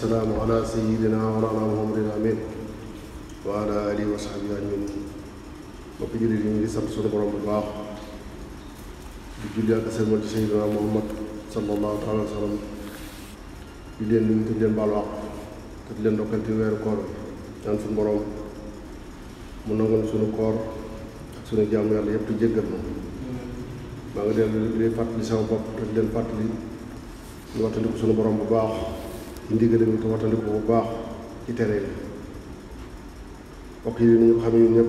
والسلام على سيدنا ومولانا محمد الامين وعلى اله وصحبه اجمعين mbokk jullit yi ñu ngi sant sunu borom bu baax di julli ak sëlmal ci seydina muhammad sallallahu taala wa sallam di leen nuyu te di leen baal wax te di leen ndokkal ci weeru koor bi ñaan sunu borom mu nangoon sunu koor ak sunu jaamu yàlla yëpp te jéggal ma maa ngi leen di leen fàttali sama bopp te di leen fàttali ñu waxtandiku sunu borom bu baax ci ndigal yi te wattandiku bu baax ci tere yi mbokk yi ñu xam ne ñëpp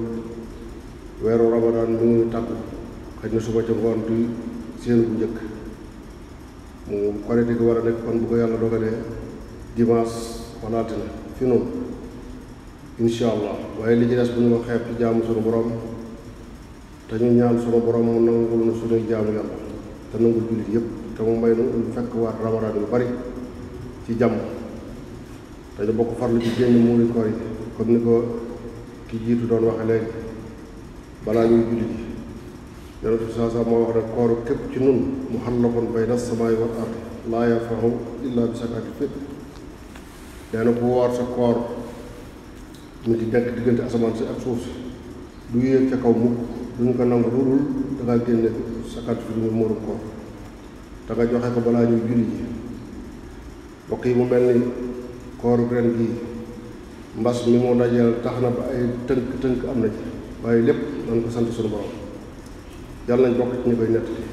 weeru ramadaan mi ngi tàggu xëy na suba ca ngoon du seen bu njëkk mu korite gi war a nekk bu ko yàlla dogalee dimanche walaati na noonu incha waaye li ci des bu ñu ko ci jaamu sunu borom te ñu ñaan sunu borom mu nangul na sunuy jaamu yàlla te nangul jullit yëpp te mu may nu fekk waat ramadaan yu bari ci jàmm dañu bokk farlu ci génn muuri koor yi comme ni ko ki jiitu doon waxe léegi balaa ñuy julli ji yonent bi saa moo wax ne kooru képp ci nun mu xallaqun bayna samaay wal ard laa yarfahu illaa bi zakaati fépp nee na ku sa koor mu si ak suuf si du yéeg ca kaw mukk duñu ko nangu lu dul danga génne zakaat fi mu murum koor danga joxe ko balaa ñuy julli ji mbokk yi mu mel ni kooru ren gii mbas mi mu dajeel tax na ba ay tënk-tënk am na ci waaye lépp nañ ko sant suñu borom yàlla nañ bokk ci ñu koy nettali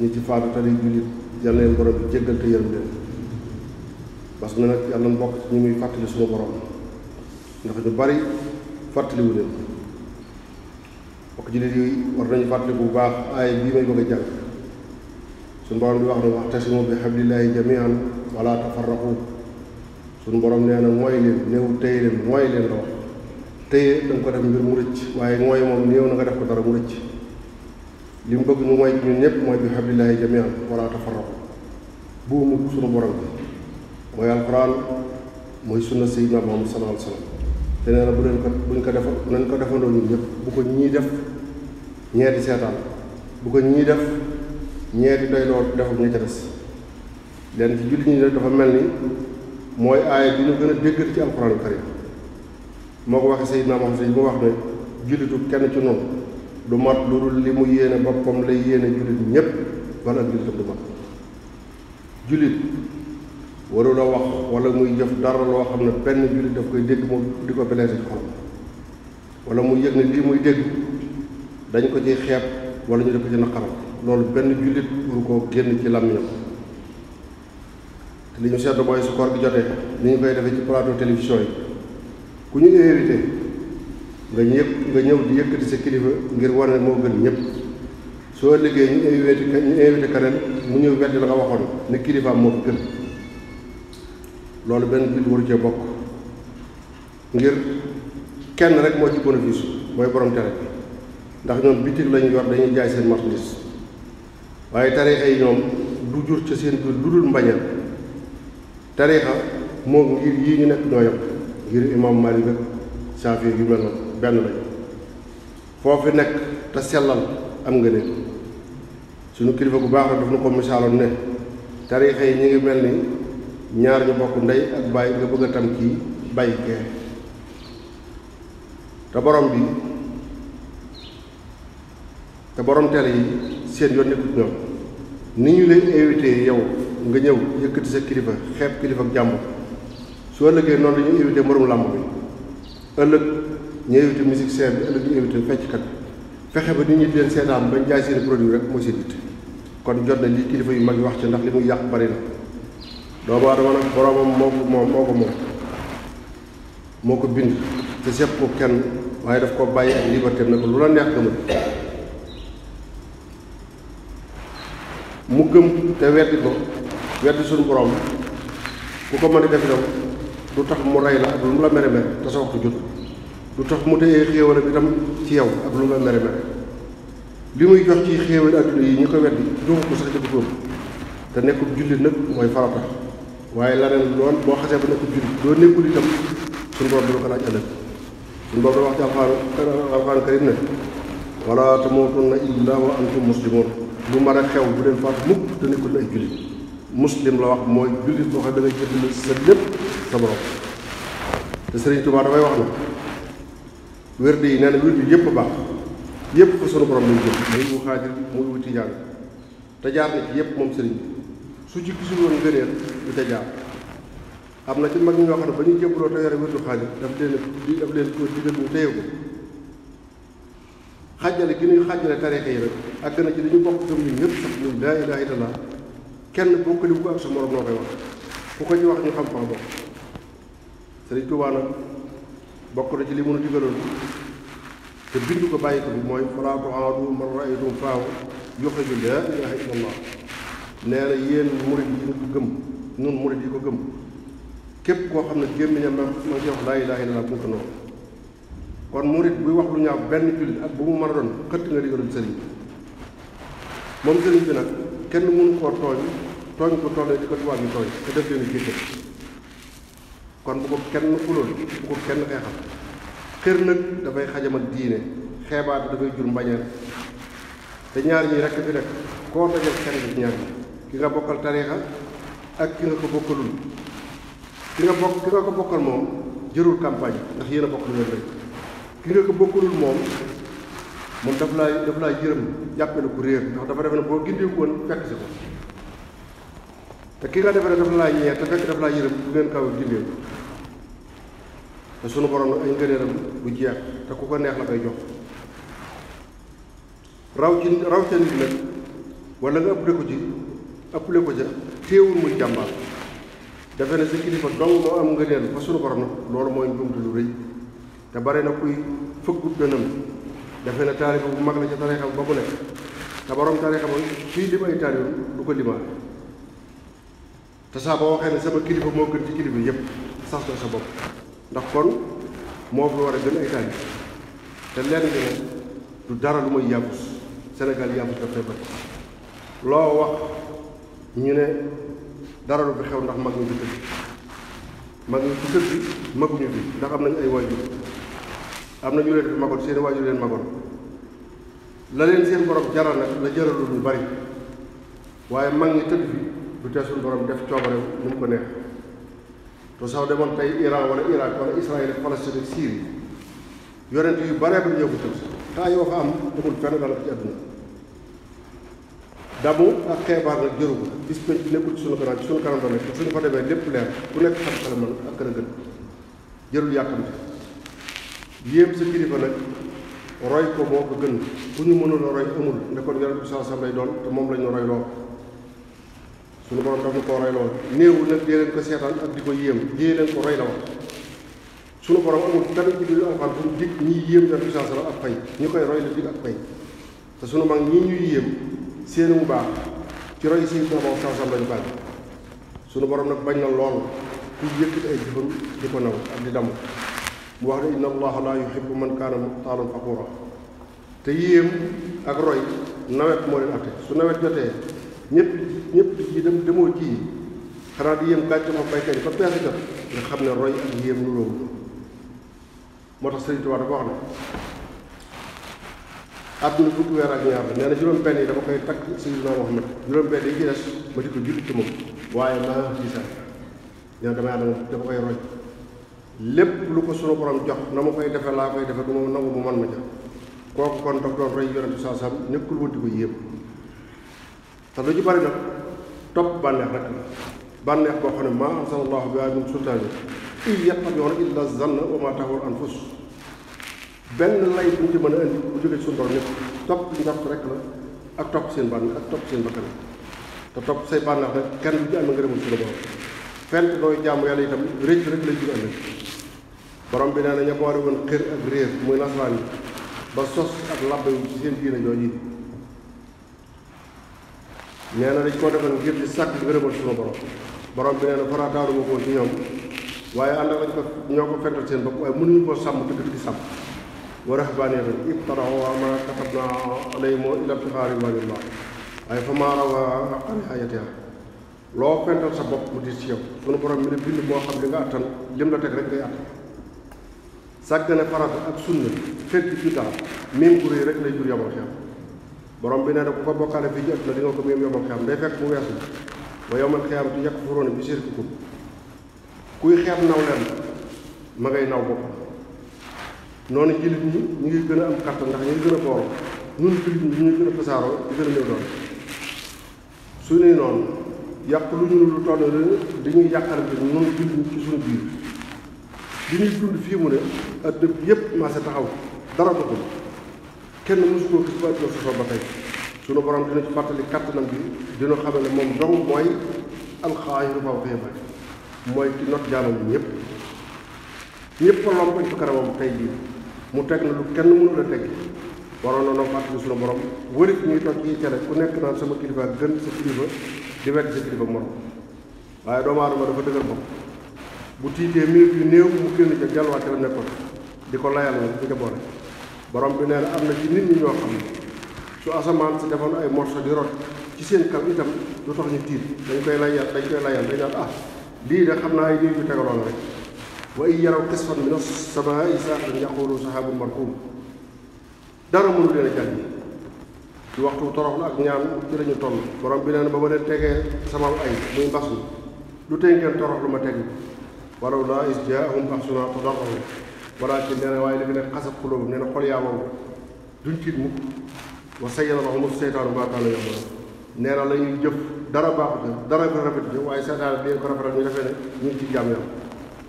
ñi ci faatu tari jullit yàlla leen borom bi jéggal te yërëm leen parce que nag yàlla nañ bokk ci ñu muy fàttali suñu borom ndax ñu bari fàttaliwu leen bokk jullit yooyu war nañu fàttali bu baax aay bii may bëgg a jàng suñu borom bi wax na wax tasimu bi hablillahi jamian wala tafarraqu suñu borom nee na mooy leen néew téye leen mooy leen la téye da ko def mbir mu rëcc waaye mooy moom néew na nga def ko dara mu rëcc li mu bëgg ñu mooy ñun ñëpp mooy bi hablillahi jamian wala tafarraqu buumu suñu borom bi mooy alquran mooy sunna sayyidina Muhammad sallallahu alayhi wasallam te nee na bu leen ko buñ ko defa nañ ko defandoo ñun ñëpp bu ko ñii def ñee di seetaan bu ko ñii def ñee di doy lool defam leen ci jullit ñi dafa mooy aaya bi ñu gën a dégg ci alxuraanu karim moo ko waxee Seydina Muhammad yi mu wax ne jullitu kenn ci noonu du mat lu dul li mu yéene boppam lay yéene jullit ñépp wala ak jullitam du mat jullit wala muy jëf dara loo xam ne benn jullit daf koy dégg moom di ko blessé ci xolam mu yëg ne lii muy dégg dañ ko ciy xeeb wala ñu def ko ci naqaram loolu benn jullit pour koo génn ci làmmiñam te li ñu seetlu mooy su koor gi jotee ni ñu koy defee ci plateau télévision yi ku ñu invité nga ñëw di yëkkati sa kilifa ngir wane ne moo gën ñëpp soo liggéey ñu invité ñu invité keneen mu ñëw weddi la nga waxoon ne kilifaam moo gën loolu benn bit waru cee bokk ngir kenn rek moo ci bénéfice mooy borom tere bi ndax ñoom bitig lañu yor dañuy jaay seen marchandise waaye tarixa yi ñoom du jur ca seen biir lu dul mbañeel tariixa moom ngir yii ñu nekk ñoo yem ngir imam Malik ak yu mel noonu benn lañu foofu nekk te sellal am nga ne suñu kilifa bu baax la daf na ko misaaloon ne tariixa yi ñu ngi mel ni ñaar ñu bokk ndey ak bàyyi nga bëgg a tam kii bàyyi kee te borom bi te borom tele yi seen yoon nekkut ñoom ni ñu leen invité yow nga ñëw yëkkati sa kilifa xeeb kilifa ak jàmbur su ëllëgee noonu la ñuy invité moromu làmb bi ëllëg ñu invité musicien bi ëllëg ñu invité fecckat fexe ba nit ñi di leen seetaan bañ jaay seen produit rek mooy seen kon jot na li kilifa yu mag yi wax ci ndax li muy yàq bari na doomu aadama nag boroomam moo ko moom moo ko ko bind te sepp ko kenn waaye daf ko bàyyi ak liberté na ko lu la neex gëmal mu gëm te weddi ko wedd suñu borom ku ko mën a def itam du tax mu rey la ak lu mu la mere mere te sa waxtu jot du tax mu téye xéewal bi itam ci yow ak lu mu la mere mere li muy jox ci xéewal adduna yi ñu ko weddi joxu ko sax di ko te nekkul jullit nag mooy farata waaye laneen loon boo xasee ba nekkul jullit doo nekkul itam suñu borom dina ko wax ci alxuraan alxuraan karim ne wala tamutunna illa wa xew bu leen faat nekkul ay jullit muslim la wax mooy jullit boo xam da ngay jëndal sa lépp sa borom te Sëriñ Tuubaa dafay wax na wérde yi nee na wérde yëpp baax yépp ko sunu borom lañ jëm muy jaar na ci yëpp moom sëriñ bi su na ci mag ñoo xam ne ba ñu jébbaloo te yore wérdu xaajir daf leen ko digal ñu téye ko xàjjale gi ñuy xàjjale tariixa yi rek àgg na ci dañu bokk gëm ñun ñëpp sax ñun laa ilaaha illallaah kenn bokkaliwu ko ak su morom moo koy wax ku ko ci wax ñu xam fa bokk Sëriñ Tuubaa bokk na ci li mun a te bind ko bàyyi ko bi mooy falaa tuaadu man raaytum faaw yuxriju laa ilaaha illallah nee na yéen murid yi ko gëm ko koo xam ne gémmiñam ma noonu kon murid buy wax lu ñaaw benn jullit ak bu mu mën a doon xëtt nga digalul sëriñ moom sëriñ bi nag kenn mënu koo tooñ tooñ ko tollee di ko tubaab yi tooñ te def leen jéggal kon bu ko kenn xulóol bu ko kenn xeexal xër nag dafay xajam ak diine xeebaat dafay jur mbañeel te ñaar ñi rekk fi nekk koo dajal kenn bi ñaar ñi ki nga bokkal tariixa ak ki nga ko bokkalul ki nga bokk ki nga ko bokkal moom jërul campagne ndax yéen a bokk lu ngeen ki nga ko bokkalul moom moom daf laay daf laay yërëm jàppe la ku réer ndax dafa defe ne boo gindeeku woon fekk si ko te ki nga defe ne daf laay ñeer te fekk daf laay yërëm du ngeen kaw gindeeku te sunu borom ay ngëneelam du jeex te ku ko neex la koy jox raw ci raw ca nit nag nga ëppale ko ci ëppale muy jàmbaar defe ne sa kilifa dong moo am ngëneel fa sunu borom nag loolu mooy njumte lu rëy te bare na kuy fëggut dënam defe na taarifa bu mag la ca tarixa ba mu nekk te borom tarixa moom fii lim ay taarifam du ko limaale te saa waxee ne sama kilifa moo gën ci kilifa yëpp sax na sa bopp ndax kon moo fi war a gën ay taalif te lenn li du dara lu may yàbbus senegal yàbbus daf fay loo wax ñu ne dara lu fi xew ndax mag ñu fi tëdd mag ñu fi ndax am nañ ay waajur am na ñu leen fi magoon seen waajur leen magoon la leen seen borom jaral nag la jaralul ñu bari waaye mag ñi tëdd fi du tee suñu borom def coobare ni mu ko neex te sax demoon tey Iran wala Irak wala Israël ak Palestine ak Syrie yu baree ba ñëw ko tëdd yoo fa am amul fenn dara ci àdduna damu ak xeebaar nag jëru ko bis pénc bi nekkul ci suñu kanam ci kanam la nekk suñu fa demee lépp leer ku nekk xam xel ak kër a gën jërul yàkkamti yéem sa kilifa nag roy ko moo ko gën ku ñu mënula roy amul ne kon yonent bi saa sam moom la ñu roy loo suñu borom daf ñu koo roy loo néewu nag dee ko seetaan ak di ko yéem dee leen ko roy la wax suñu borom amul dara ci biir alxuraan bu dig ñiy yéem koy roy la dig ak te suñu mag ñi ñuy yéem seeni mu baax si suñu lañu bàyyi sunu borom nag bañ na lool ku yëkkati ay jëfam di ko naw ak di damm mu wax ne inna allaha la yuhibbu man kaana muxtaalan faxuura te yéem ak roy nawet moo leen atte su nawet jotee ñëpp ñëpp ji dem demoo ji xanaa di yéem gàncax ma baykat yi ba pexe jot nga xam ne roy ak yéem lu loolu moo tax Sëriñ Tuubaa dafa wax ne àdduna fukki weer ak ñaar la nee na juróom benn yi dama koy takk Seydina Muhammad juróom benn yi ci ma di ko julli ci moom waaye maa ngi ci saa damay ànd dama koy roy lépp lu ko sunu borom jox na ma koy defe laa koy defe du ma nangu mu man ma jox kooku kon daf doon roy yonente saa sam nekkul wëddi ko yépp te lu ci bari nag topp rek la bànneex boo ne maa anzalallahu bihaa min sultaani in yattabi'uuna illa zanna wa maa benn lay buñ ci mën a indi bu jóge borom ñëpp topp njort rek la ak topp seen bànneex ak topp seen bakkan te topp say bànneex nag kenn du ci am ngërëmul sunu borom fent dooy jaamu yàlla itam rëcc rek lay jur ëllëg borom bi nee na ña woon xër ak réer muy nasaraan yi ba sos ak labbe yu ci seen diine jooju nee na dañ koo defal ngir di sàkk ngërëmal sunu borom borom bi nee na farataaluma ko ci ñoom lañ ko ñoo ko fental seen bopp waaye mënuñu koo sàmm dëgg dëgg sàmm wa rahbaaniyatan waaye fa maa rawhaa haqqa loo fental sa bopp mu diis ci yow sunu borom mi ne bind moo xam li nga attan lim la teg rek ngay attan sàggane farata ak sunna fekk kitaab même ku rëy rek lay jur yomal xiyam borom bi nee na ku ko bokkaale fii ci àdduna di nga ko même yomal xiyam day fekk bu weesu ba yomal xiyam kuy xeeb naw leen naw boppam noonu jullit gën a am ñi ñu a fasaaroo di gën a yàq lu ñu lu toll dañuy bi noonu jullit ci suñu biir di ñuy dund fii mu ne adduna bi yëpp maase taxaw dara doxul kenn mosu koo gis ba ba tey sunu borom dina ci fàttali kàttanam bi dina xamal ne moom dong mooy am faw xéeba mooy ci not jaamam yi ñëpp ñëpp lom koñ fa kanamam tey jii mu teg na lu kenn mënu la teg waroon na noo fàttali sunu borom wërit ñuy toog ci tele ku nekk naan sama kilifa gën sa kilifa di wegg sa kilifa morom waaye doomu aadama dafa dëgër bopp bu tiitee minute yu néew mu génn ca delluwaat ca la nekkoon di ko layal moom di ko boole borom bi nee na am na ci nit ñi ñoo xam ne su asamaan si defoon ay morso di rot ci seen kaw itam du tax ñu tiit dañ koy layal dañ koy layal dañ naan ah lii de xam naa ay lii yu tegaloon rek wa in yaraw kisfan mina samaa'i saaqatan yaqulu sahaabun markuum dara mënu leen a jàng ci waxtu torox la ak ñaan ci lañu toll borom bi nee na ba ma leen tegee sama ay muy mbas mi lu tey ngeen torox lu ma teg walaw laa is jaahum baxsunaa tadaqaw walaakin nee na waaye dafa nekk xasab xulóobam nee na xol yaa wow duñ tiit mukk wa sayyara lahumu seytaanu maa kaanu ya'maluun nee na la ñuy jëf dara baaxut na dara ko rafet waaye seytaane bi ko rafetal ñu defee ne ñu ngi ci jàmm yàlla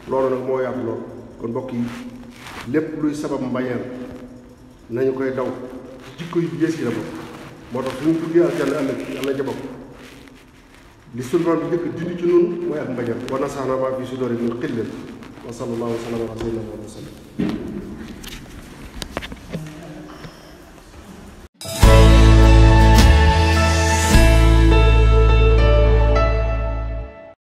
loolu nag moo yaatu lool kon mbokk yi lépp luy sabab mbañeel nañu koy daw jikko yu bees yi la moo tax suñu tuddee aljanna ëllëg yàlla na ca li sulman bi njëkk dindi ci nun mooy ak mbañam wa nasaxna maa fi sudori min xillin wa sallallahu wa sallam ala sayyidina wa sallam